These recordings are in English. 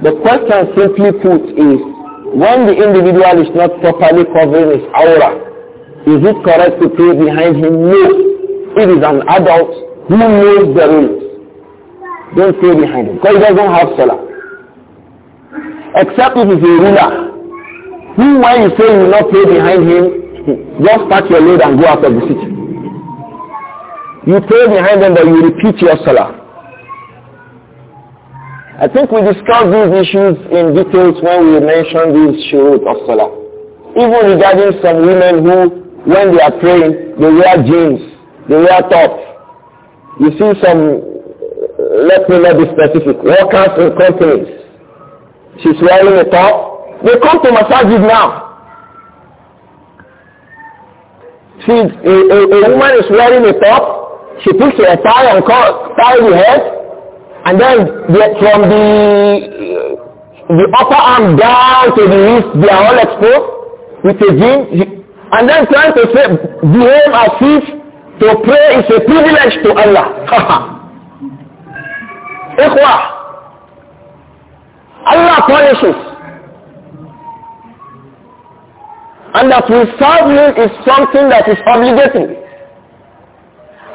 The question simply put is, when the individual is not properly covering his aura, is it correct to pray behind him? No. It is an adult who knows the rules. Don't pray behind him because he doesn't have salah. Except if he's a ruler. Who, when you say you will not pray behind him, just pack your load and go out of the city. You pray behind them but you repeat your salah. I think we discussed these issues in details when we mentioned these shurut of salah. Even regarding some women who, when they are praying, they wear jeans, they wear tops. You see some, uh, let me not be specific, workers in companies. She's wearing a top. They come to massages now. See, a, a, a woman is wearing a top. She puts her tie and tie the head And then from the the upper arm down to the wrist, they are all exposed with a jean. And then trying to say, behave as if to pray is a privilege to Allah. Ikhwa, Allah punishes. And that we serve Him is something that is obligatory.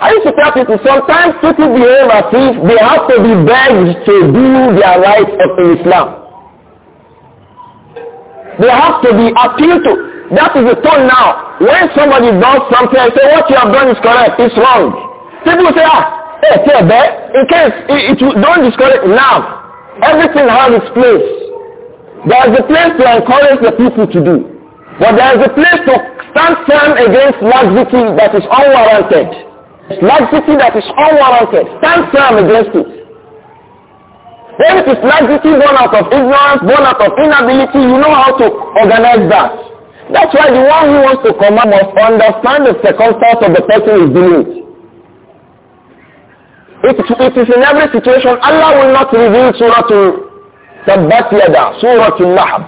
I used to tell people, sometimes people behave as if they have to be begged to do their right of Islam. They have to be appealed to. That is the tone now. When somebody does something and say, what you have done is correct, it's wrong. People say, ah, hey, tell that. In case, it, it, don't discourage now. Everything has its place. There is a place to encourage the people to do. But there is a place to stand firm against laxity that is unwarranted. Laxity that is unwarranted. Stand firm against it. When it is laxity born out of ignorance, born out of inability, you know how to organize that. That's why the one who wants to command must understand the circumstance of the person he's dealing with. It, it is in every situation. Allah will not reveal Surah to Tabbat Yada, Surah to Lahab.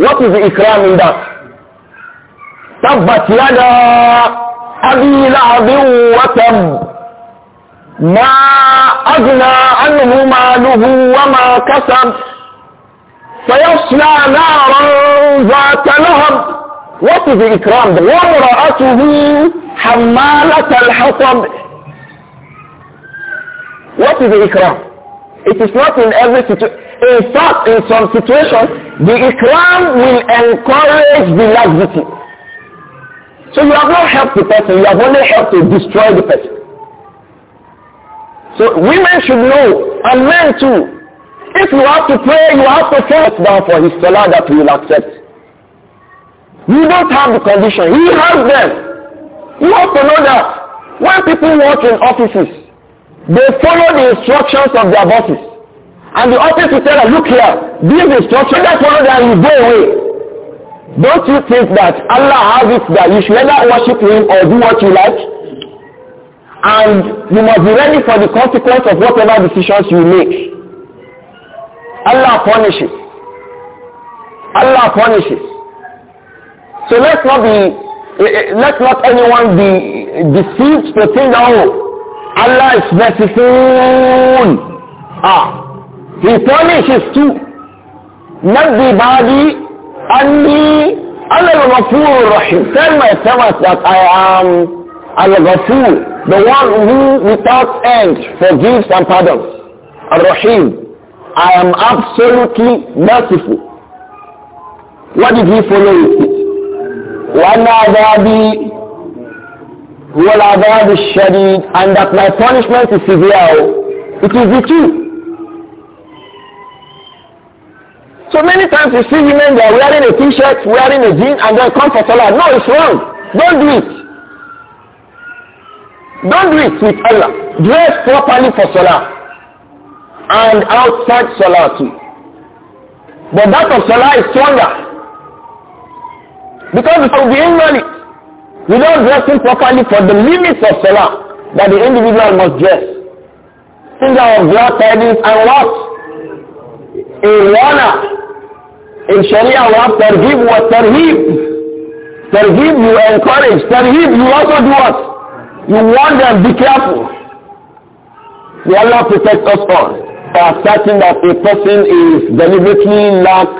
What is the ikram in that? Tabbat Yada أبي لهب وتب ما أغنى عنه ماله وما كسب سيصلى نارا ذات لهب وفي إكرام ده وامرأته حمالة الحطب What is the ikram? It is not in every situation. In fact, in some situations, the ikram will encourage the laxity. So you have not helped the person, you have only helped to destroy the person. So women should know, and men too. If you have to pray, you have to first down for his salah that he will accept. You don't have the condition. He has them. You have to know that when people work in offices, they follow the instructions of their bosses. And the office will tell them, look here, these instructions, they follow them, you go away. Don't you think that Allah has it that you should either worship him or do what you like? And you must be ready for the consequence of whatever decisions you make. Allah punishes. Allah punishes. So let's not be, eh, eh, let not anyone be deceived to think that, oh, Allah is merciful. Ah, He punishes too. Not the body Anni al Rahim. Tell my that I am Al-Ghafur, the one who without end forgives and pardons. Al-Rahim. I am absolutely merciful. What did he follow with it? وَالْعَذَابِ وَالْعَذَابِ الشَّدِيدِ And that my punishment is severe. It is the truth. So many times you see women, they are wearing a t-shirt, wearing a jean, and they come for salah. No, it's wrong. Don't do it. Don't do it with Allah. Dress properly for salah. And outside salah too. But that of salah is stronger. Because of the invalid. Without dressing properly for the limits of salah that the individual must dress. Think of your tidings and what? A in Sharia law, targhib wa tarhib. forgive you encourage. Tarhib, you also do what? You warn them, be careful. May Allah protect us all. For certain that a person is deliberately lax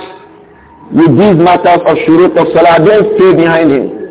with these matters of shurut of salah, don't stay behind him.